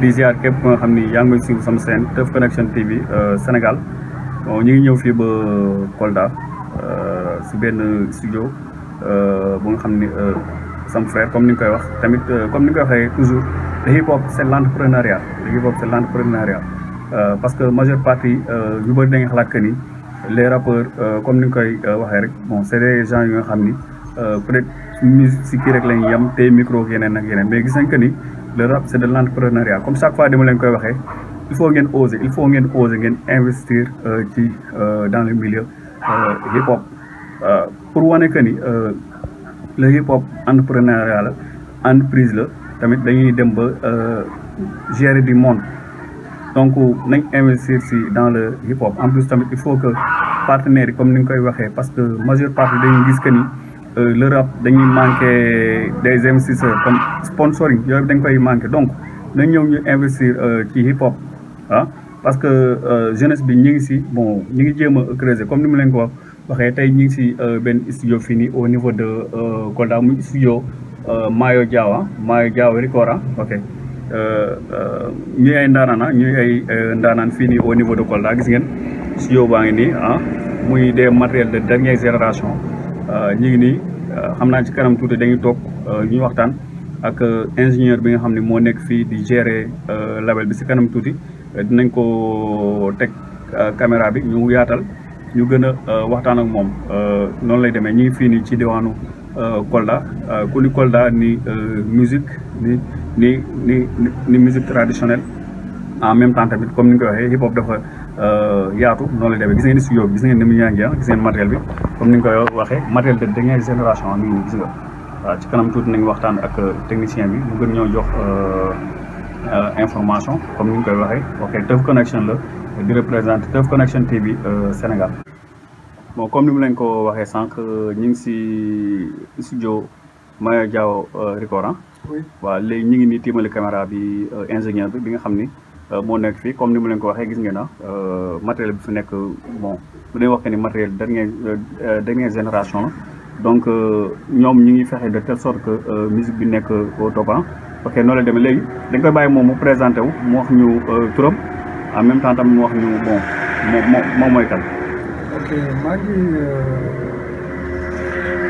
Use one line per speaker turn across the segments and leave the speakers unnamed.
di ziar képp nga xam ni yaa ngi may suivre sama chaîne Teuf Connection TV Sénégal bon ñu ngi ñëw fii ba Kolda si benn studio bu nga xam ni sam frère comme ni nga koy wax tamit comme ni nga koy waxee toujours le hip hop c' est l' entrepreneuriat le hip hop c' est l' entrepreneuriat parce que majeure partie yu bëri da nga xalaat que ni les rappeurs comme ni nga koy waxee rek bon c' est des gens yu nga xam ni peut être musique si kii rek la ñuy yem te micro yeneen ak yeneen mais gis nañ que ni. le rap c'est de l'entrepreneuriat comme chaque fois dama leen koy waxee il faut ngeen oser il faut ngeen oser ngeen investir ci dans le milieu hip hop pour wane que ni le hip hop entrepreneuriat la entreprise la tamit dañuy dem ba gérer du monde donc nañ investir ci dans le hip hop en plus tamit il faut que partenaires comme ni nga koy waxee parce que majeure partie dañuy gis que ni. le rap dañuy manqué des investisseurs comme sponsoring yooyu dañ koy manqué donc na ñëw ñu investir euh, ci hip hop ah parce que euh, jeunesse bi ñu ngi si bon ñu ngi jéem a creuser comme ni mu leen ko wax waxee tey ñu ngi si euh, benn studio fii nii au niveau de Kolda muy studio Mayo Diawa ah, Mayo Diawa Ricora ah, ok ñuy ay ndaanaan ah, ñuy ay ndaanaan fii nii au niveau de Kolda gis ngeen studio baa ngi nii ah muy des matériels de dernière génération Euh, ñu ngi nii euh, xam naa ci kanam tuuti dañuy toog euh, ñuy waxtaan ak ingénieur bi nga xam ni moo nekk fii di gérer label bi si kanam tuuti dinañ ko teg caméra bi ñu yaatal ñu gën a waxtaan ak moom noonu lay demee ñu ngi fii nii ci diwaanu Kolda ku ni Kolda ni musique ni ni ni ni musique traditionnelle en même temps tamit comme ni nga ko waxee hip hop dafa. Euh, yaatu noonu la demee gis ngeen studio bi gis ngeen ni mu ñaa ngi ah, gis ngeen matériel bi comme ni nga koy waxee matériel de dernière génération mi ngi gis nga waaw ci kanam tuuti nañu waxtaan ak euh, technicien bi mu ñoo jox euh, information comme ni nga koy waxee ok Teuf Connection la di représente Teuf Connection TV Sénégal bon comme ni mu leen ko waxee sànq ñu ngi si studio Maya Diaw Ricoran ah. waaw léegi ñu ngi nii tiimali caméra bi ingénieur bi bi nga xam ni Euh, moo nekk fii comme ni mu len ko waxe gis ngeen na ah, euh, matériel bi fi nek bon bu day wax ni matériel dernière euh, dernière génération donc ñom ñu ngi fexé de telle sorte que musique bi nek au top ah. ok no la demee légui dañ koy baye mom mu présenter wu mu wax ñu turam en même temps tam mu wax ñu bon mo moom mooy kan.
ok maa ngi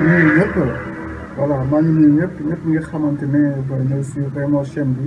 nuyu ñëpp voilà maa ngi nuyu ñëpp ñëpp ñi nga xamante ne ñoo ci vraiment chaîne bi.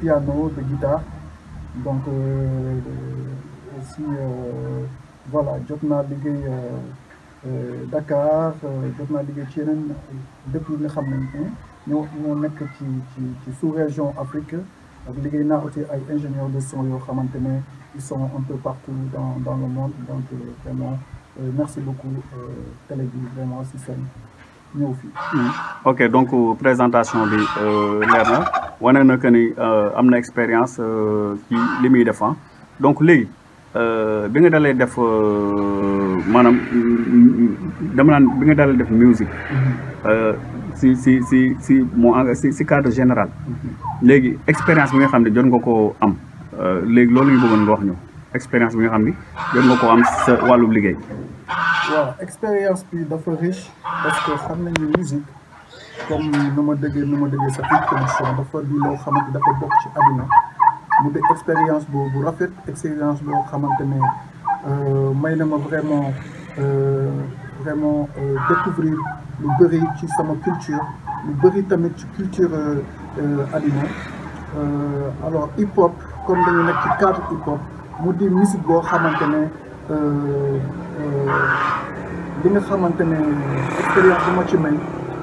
piano, de guitare. Donc euh, euh, aussi euh, voilà, jot naa à Dakar j'ai naa liggéey depuis le dëkk Nous sommes Nous, ne ñoo sous-région Afrique Nous avons des ingénieurs de son et ils sont un peu partout dans dans le monde donc vraiment merci beaucoup télé vraiment si seen nous.
Hmm. ok donc présentation de euh, wane na que ni euh, am na expérience euh, ci li muy def ah. donc léegi euh, bi nga dalee def maanaam mm, dama bi nga dalee def musique mm-hmm. si si si si mo ah, si si cadre général mm-hmm. léegi expérience bi nga xam ne jot nga koo am léegi loolu ñu bëggoon nga wax ñu expérience bi nga xam ne jot nga koo am sa wàllu liggéey
comme nous ma déggee nous sa dafa di dafa ci expérience bu rafet expérience euh, ma vraiment euh, vraiment euh, découvrir lu qui ci culture lu tamit ci culture alors hip hop comme dañu nekk cadre hip hop je di musique euh, li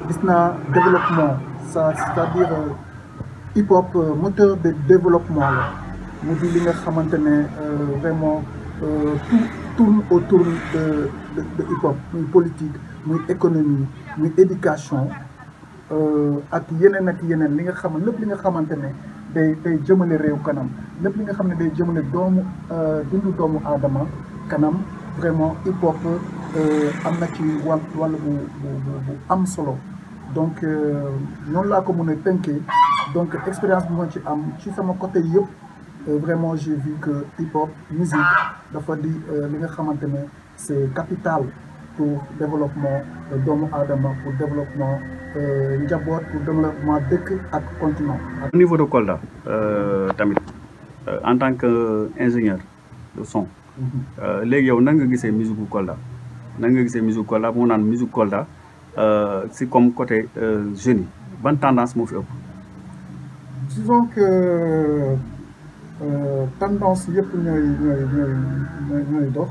gis naa développement ça c'est-à-dire euh, hip hop euh, moteur de développement la mu di li nga xamante euh, vraiment tout tourne autour de de hip hop muy politique muy économie muy éducation ak yeneen ak yeneen li nga xam lépp li nga xamante ne day day jëmale réew kanam lépp li nga xam ne day jëmale doomu dundu doomu aadama kanam vraiment hip hop am na ci wàll bu bu am solo donc non là comme on est tënkee donc expérience bi tu ci am ci sama côté yëpp euh, vraiment j'ai vu que hip hop musique d'abord di euh, li nga xamante c'est capital pour développement euh, doomu aadama pour développement njaboot pour développement dëkk ak continent.
au niveau de Kolda tamit en tant que ingénieur de son. Mhm. les yow nan nga gisee musique bu Kolda nan nga gisee musique Kolda moo naan musique Kolda. Euh, c'est comme côté euh, jeune. bonne tendance mon fi
disons que euh, tendance yëpp ñooy ñooy ñooy Mais dox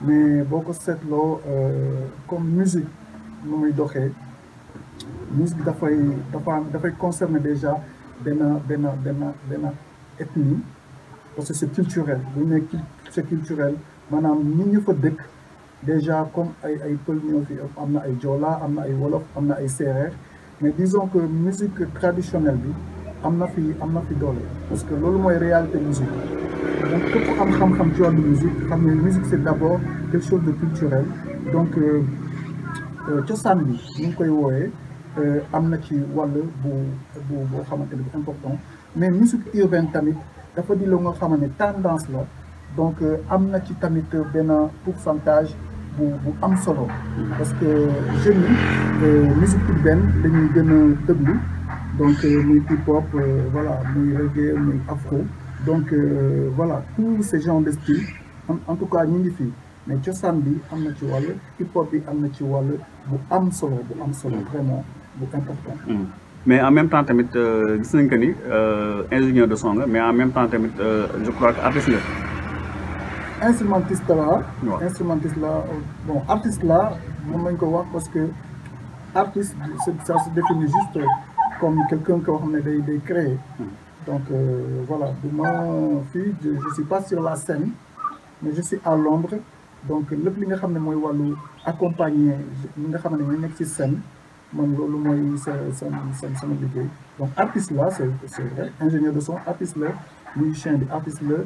mais boo ko euh, comme musique nous muy doxee musique dafay concerne concerner déjà des benn parce que c'est culturel c'est culturel Maintenant, ñi ñu fa déjà comme ay ay pël ñoo fi a na ay joola am ay wolof ay mais disons que musique traditionnelle bi am na fi am fi parce que loolu mooy réalité musique donc képp am xam-xam ci la musique la musique c'est d'abord quelque chose de culturel donc tout euh, euh, ça, ñu ngi koy wooyee euh, am ci wàll bu bu boo important mais musique urbaine tamit dafa di la nga xamante ne tendance la donc a na ci tamit un pourcentage bu am solo parce que jeunes yi euh, musique urbaine dañuy gën a déglu donc euh, muy hip hop euh, voilà muy reggae muy afro donc voilà tous ces genres de style en tout cas ñu ngi fii mais cosaan bi am ci wàll hip hop bi am ci bu am solo bu am solo vraiment bu important
mm. mais en même temps tamit gis nañ que ni ingénieur de son mais en même temps tamit je crois que artiste
instrumentiste là, instrumentiste là, euh, bon artiste là, je wax parce que artiste ça se définit juste comme quelqu'un qui a des, donc euh, voilà du ma je ne suis pas sur la scène mais je suis à l'ombre donc le plus nga xam moi, c'est accompagner ñi nga de ne scène donc artiste là, c'est vrai ingénieur de son artiste là, musicien de artiste là,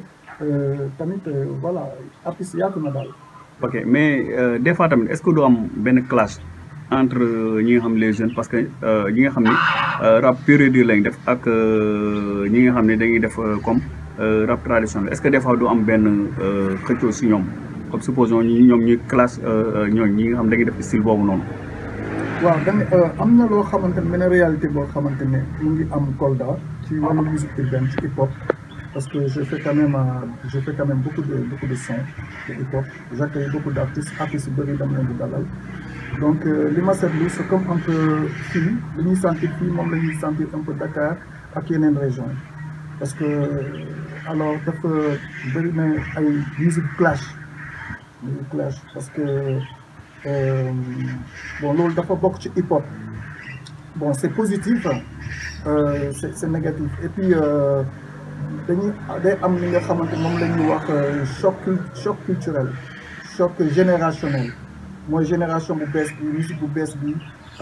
Euh, tamit euh, voilà artistes yaatu na daal.
ok mais euh, des fois tamit est-ce que du am benn clash entre ñi nga xam les jeunes parce que ñi nga xam ni rap pur et def ak ñi nga xam ne dañuy def comme rap traditionnel est-ce que des fois du am benn xëccoo si ñoom comme supposons ñi ñoom ñuy clash ñooñ ñi nga xam dañuy def style boobu noonu.
waaw da am na loo xamante ne benn réalité boo xamante ne mu ngi am Kolda ci wàllu musique urbaine ci hip hop. parce que je fais quand même, euh, je fais quand même beaucoup, de, beaucoup de sons, de hip-hop. J'accueille beaucoup d'artistes, artistes de dans de Dalal. Donc, euh, les Massablous, c'est comme un peu fille, le sentir fille, même le sentir un peu Dakar, à une région. Parce que, euh, alors, dafa bëri une une musique clash musique clash parce que euh, bon loolu d'abord beaucoup ci hip hop bon c'est positif hein. c'est négatif et puis dañuy day am li nga xamante moom la ñuy wax euh, choc choc culturel choc générationnel mooy génération bu bees bi musique bu bees bi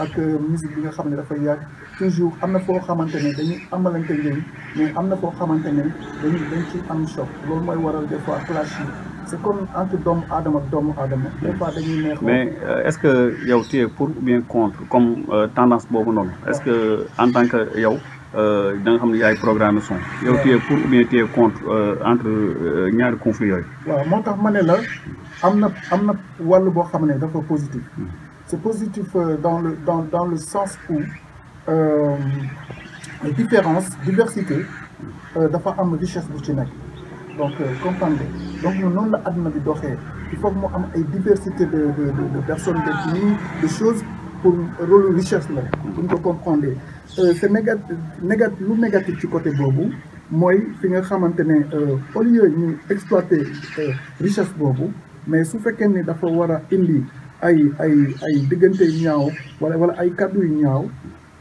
ak euh, musique bi nga xam ne dafay yàgg toujours am na foo xamante ne dañuy amalante njëriñ mais am na foo xamante ne dañuy dañ ci am choc loolu mooy waral des fois clash yi c'est comme entre doomu aadama ak doomu aadama. des fois dañuy neex. mais
euh, est-ce que yow tu es pour ou bien contre comme tendance boobu noonu. est-ce que en tant que yow. Euh, da nga xam ne yaay programmation. yow tu es pour ou bien tu es contre euh, entre euh, ñaari conflit yooyu.
waaw moo tax ma ne la am na am na wàll boo xam ne dafa positif. Hmm. c'est positif dans le dans dans le sens où différence diversité dafa am richesse bu ci nekk donc comprendre donc ñun noonu la àdduna bi doxee il faut que mu am ay diversité de de de personnes de de choses pour rôle richesse la bu comprendre. Euh, c'est néga néga lu négatif ci côté boobu mooy fi nga xamante ne euh, au lieu ñu exploiter euh, richesse boobu mais su fekkee ni dafa war a indi ay ay ay diggante ñaaw wala wala ay kàddu yu ñaaw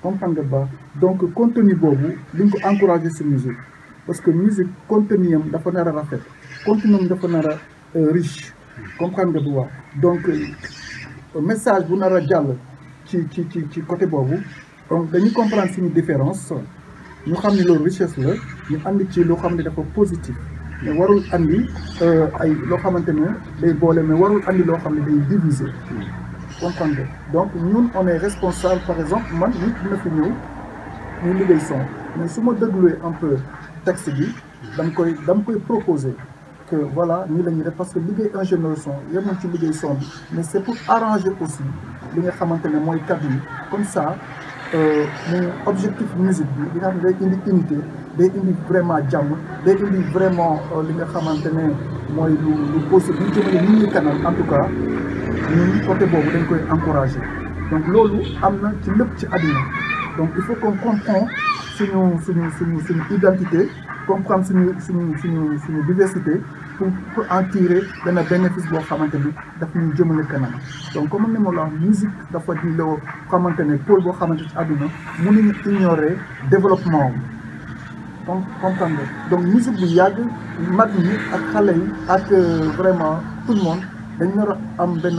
comprendre nga ba donc contenu boobu duñ ko encourager ci musique parce que musique contenu am dafa nar a rafet contenu am dafa nar a riche comprendre nga bu baax donc message bu nar a jàll ci ci ci ci côté boobu donc nous comprenons une différence nous richesse nous ñu positif mais nous euh, donc nous on est responsable par exemple nous, nous nous, nous mais nous, un peu nous nous nous, proposer que voilà nous parce que nous son son mais c'est pour arranger aussi Nous nga nous comme ça Euh, mu objectif musique bi di nga xam day indi unité day indi vraiment jàmm day indi vraiment euh, li nga xamante ne mooy lu lu possible lu jëmale nit ñi kanam en côté boobu dañ koy encouragé donc loolu am na ci lépp ci àddina donc il faut qu'on comprend suñu suñu suñu suñu identité comprendre suñu suñu suñu suñu diversité pour pour en tirer dana bénéfice bo xamante ni daf ñu jëmale kanam donc comme ni ma la wax musique dafa di lo xamante ne bo boo xamante ci ñu ignorer développement donc comprendre donc musique bu yàgg mag ñi ak xale yi ak euh, vraiment tout le monde dañ nar am ben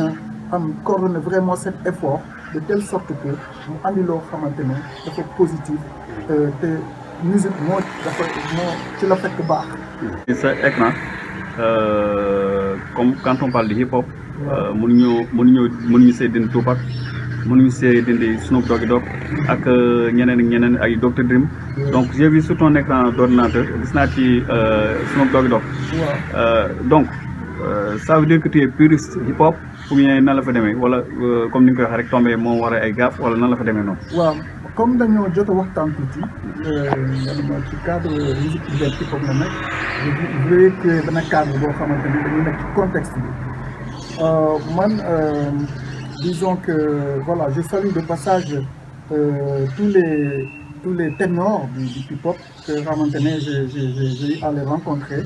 am coordonner vraiment cet effort de telle sorte que mu andi loo xamante dafa positif euh, te musique mo dafa moo ci la fekk baax.
c'est écran Euh, comme quand on parle de hip hop. mënuñoo euh, mënuñoo mënuñu see dindi Tupac mënuñu see dindi Snoop Doggy Dogg ak euh, ñeneen ak ñeneen ay Dr Drim. donc j'ai vu sur ton écran d'ordinateur gis naa ci Snoop Doggy Dogg. donc ça veut dire que tu es puriste hip hop ou bien nan la fa demee wala comme ni nga ko waxee rek tombé moo war ay gaaf wala nan la fa demee
noonu. comme dañoo jot a waxtaan tuuti euh, ci cadre musique urbaine hip hop la nekk je voulais créer benn cadre boo xamante ni dañu nekk ci contexte bi euh, man euh, disons que voilà je salue de passage euh, tous les tous les ténors du, du pop que xamante j'ai j'ai j'ai eu à les rencontrer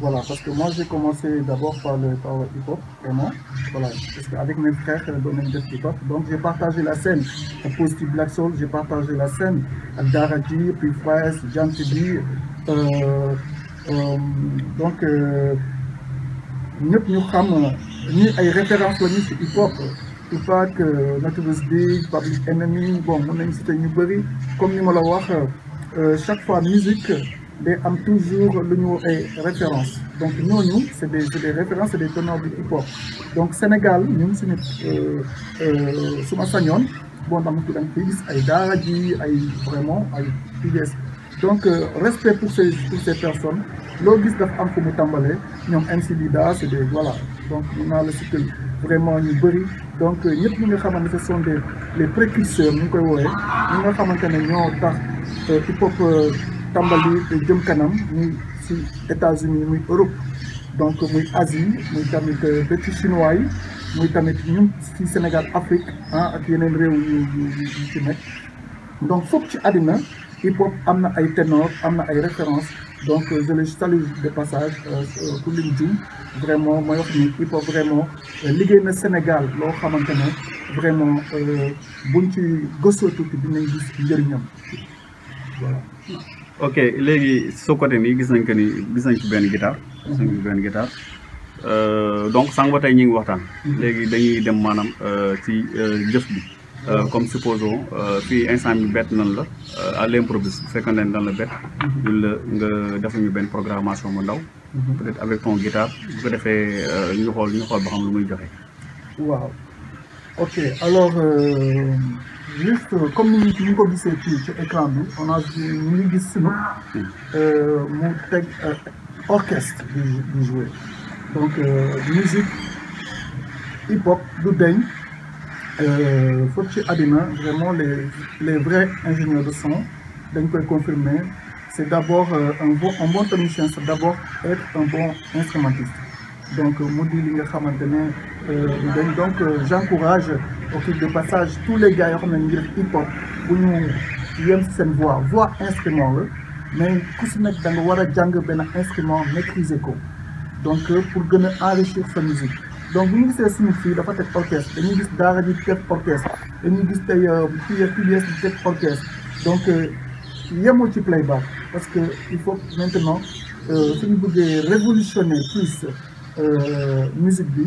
voilà, parce que moi j'ai commencé d'abord par le hip-hop, vraiment. Voilà, parce qu'avec mes frères, le domaine de hip-hop. Donc j'ai partagé la scène à Positive Black Soul, j'ai partagé la scène Aldaraji, puis Jan Tibi. Euh, euh, donc, nous avons référence références hip-hop. Tupac, Nautilus Big, Public Enemy, bon, mon ami c'était Newberry. Comme nous l'avons dit, chaque fois musique day am toujours le références référence donc nous, c'est des références des teneurs du hip hop donc Sénégal nous c'est euh, euh, suma Sanyon bon dama ko dans vraiment PDS. donc euh, respect pour ces ces personnes des voilà donc le cycle vraiment donc nous sont des les précurseurs qui tàmbali te jëm kanam muy ci États-Unis muy Europe donc muy Asie muy tamit petit euh, chinois yi muy tamit ñun si Sénégal Afrique ah ak yeneen réew yu ci nekk donc foog ci àddina hip hop amna ay ténor amna ay références donc euh, je les salue de passage euh, pour liñ jum vraiment mooy wax ni hip hop vraiment liggéey na Sénégal lo xamantene vraiment buñ ci gëstoo tout dinañ gis njëriñam voilà
ok léegi soo côté nii gis nañ que ni gis nañ ci benn guitare. gis nañ ci benn guitare euh, donc sànq ba tey ñu ngi waxtaan. léegi dañuy dem maanaam euh, ci euh, jëf bi. comme supposons fii instant bi bett nan la à l'improviste bu fekkoon ne nan la bett. ñun la nga defuñu benn programmation mu ndaw. peut-être avec ton guitare bu ko defee ñu xool ñu xool ba xam lu muy joxe.
waaw ok juste euh, comme nous ñu ko dit, ci ci on a ñu ngi gis euh, mon euh, orchestre de jouer donc musique hip hop du faut que ci vraiment les les vrais ingénieurs de son dañ koy confirmer c'est d'abord un bon un bon technicien c'est d'abord être un bon instrumentiste donc je vous li nga donc j'encourage au fil de passage tous les gars ont un hip hop pour nous yem cette voix voix instrument mais ku si nekk da nga war a instrument maîtriser ko donc euh, pour gën a enrichir sa musique donc nous ñu gisee suñu fii dafa teg orchestre dañuy gis daara ji un orchestre dañuy gis tey PBS euh, di un orchestre donc il euh, y yemul ci playback parce qu'il faut maintenant nous bëggee révolutionner plus musique bi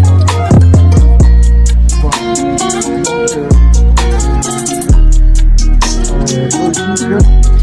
嗯。